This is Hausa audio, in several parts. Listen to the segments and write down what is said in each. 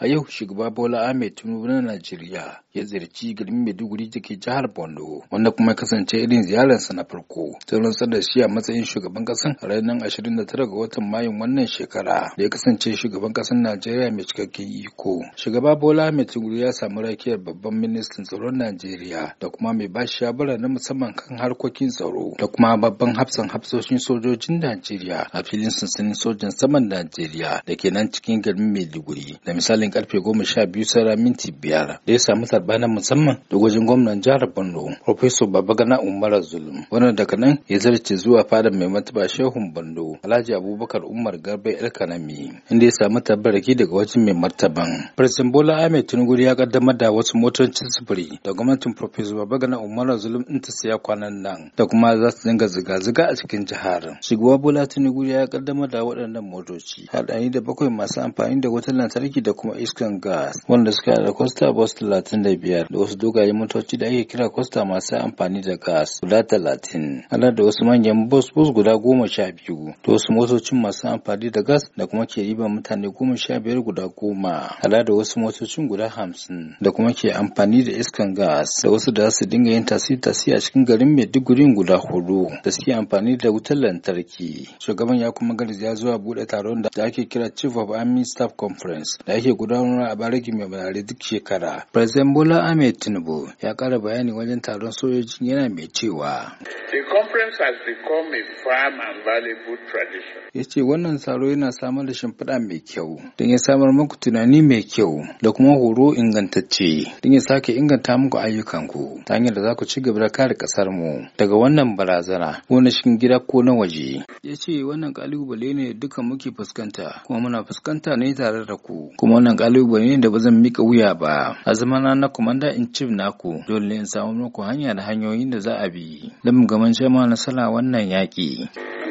a yau shugaba bola ahmed tinubu na najeriya ya ziyarci garin maiduguri da ke jihar borno wanda kuma kasance irin ziyararsa na farko ta rantsar da shi a matsayin shugaban kasan a ranar ashirin da tara ga watan mayun wannan shekara da ya kasance shugaban kasan najeriya mai cikakken iko shugaba bola ahmed tinubu ya samu rakiyar babban ministan tsaron najeriya da kuma mai ba shi shawara na musamman kan harkokin tsaro da kuma babban hafsan hafsoshin sojojin najeriya a filin sansanin sojan saman najeriya da ke nan cikin garin maiduguri da misalin karfe goma sha biyu sara minti biyar da ya samu sarba na musamman da gwajin gwamnan jihar Borno Professor Babagana Umar Zulum wannan daga nan ya zarce zuwa fadar mai mataba Shehun Borno Alhaji Abubakar Umar Garba El Kanami inda ya samu tabbaraki daga wajen mai martaban firistin Bola Ahmed Tinubu ya kaddamar da wasu motocin sufuri da gwamnatin Professor Babagana Umar Zulum in ta siya kwanan nan da kuma za su dinga ziga-ziga a cikin jihar shugaba Bola Tinubu ya kaddamar da waɗannan motoci haɗari da bakwai masu amfani da wutar lantarki da kuma iskan gas wanda suka da costa bus 35 da wasu dogayen motoci da ake kira costa masu amfani da gas guda 30 ana da wasu manyan bus bus guda 12 da wasu motocin masu amfani da gas da kuma ke riba mutane 15 guda 10 ana da wasu motocin guda 50 da kuma ke amfani da iskan gas da wasu da su dinga yin tasi-tasi a cikin garin maiduguri guda hudu da suke amfani da wutar lantarki shugaban ya kuma garzi ya zuwa bude taron da ake kira chief of army staff conference da ake gudanar a bariki mai mulare duk shekara. President Bola Ahmed Tinubu ya kara bayani wajen taron sojoji yana mai cewa. The conference has become a firm and valuable tradition. Ya ce wannan taro yana samar da shimfiɗa mai kyau don ya samar muku tunani mai kyau da kuma horo ingantacce don ya sake inganta muku ayyukanku ta hanyar da za ku ci gaba da kare ƙasarmu. mu daga wannan barazana ko na cikin gida ko na waje. Ya ce wannan ƙalubale ne duka muke fuskanta kuma muna fuskanta ne tare da ku kuma wannan kalubale ne da ba zan mika wuya ba a zamana na commander in chief naku dole in samu muku hanya da hanyoyin da za a bi don mu gaman ma sala wannan yaƙi.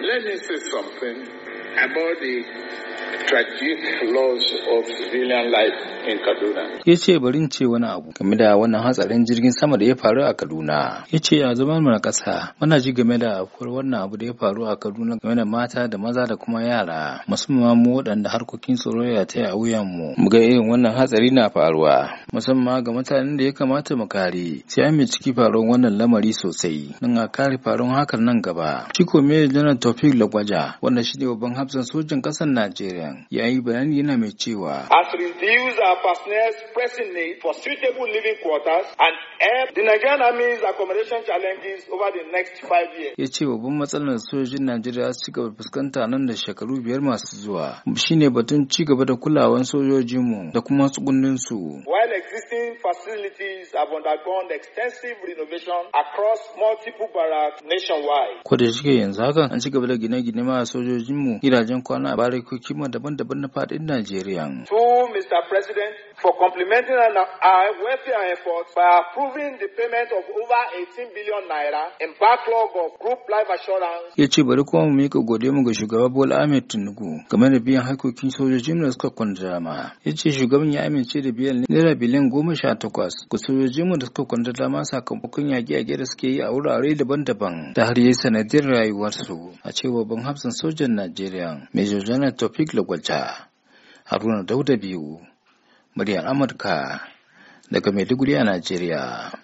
Let me say something about the tragic of civilian life in Kaduna. Ya ce bari ce wani abu game da wannan hatsarin jirgin sama da ya faru a Kaduna. Ya ce a zaman mana kasa ƙasa muna ji game da afkuwar wannan abu da ya faru a Kaduna game da mata da maza da kuma yara musamman mu waɗanda harkokin tsaro ya taya a wuyan mu. Mu ga irin wannan hatsari na faruwa. musamman ga mutanen da ya kamata mu kare sai an ciki faruwar wannan lamari sosai nan a kare faruwar hakan nan gaba ciko mai janar tofik lagwaja wanda shi ne babban hafsan sojan ƙasar najeriya Yayi bayani yana mai cewa as reduce our personnel's pressing need for suitable living quarters and help the nigerian army's accommodation challenges over the next five years ya ce babban matsalar sojin najeriya su gaba fuskanta nan da shekaru biyar masu zuwa shine batun ci gaba da kulawan sojojinmu da kuma tsugunninsu while existing facilities have undergone extensive renovation across multiple barracks nationwide. Ko da shike yanzu haka an ci gaba da gine-gine ma sojojin mu gidajen kwana a ma daban-daban na faɗin Najeriya. To Mr. President, for complementing our welfare efforts by approving the payment of over 18 billion naira in backlog of group life assurance. Ya ce bari kuma mu mika gode mu ga shugaba Bola Ahmed Tinubu game da biyan hakokin sojojin da suka kwanta dama. Ya ce shugaban ya amince da biyan naira biliyan goma sha takwas ga mu da suka kwanta dama sakamakon yaƙe-yaƙe da suke yi a wurare daban-daban ta har yi sanadin rayuwarsu a cewa babban hafsan sojan Najeriya Major General topic Lagwaja Haruna Dauda biyu muryar Amurka daga Maiduguri a Najeriya.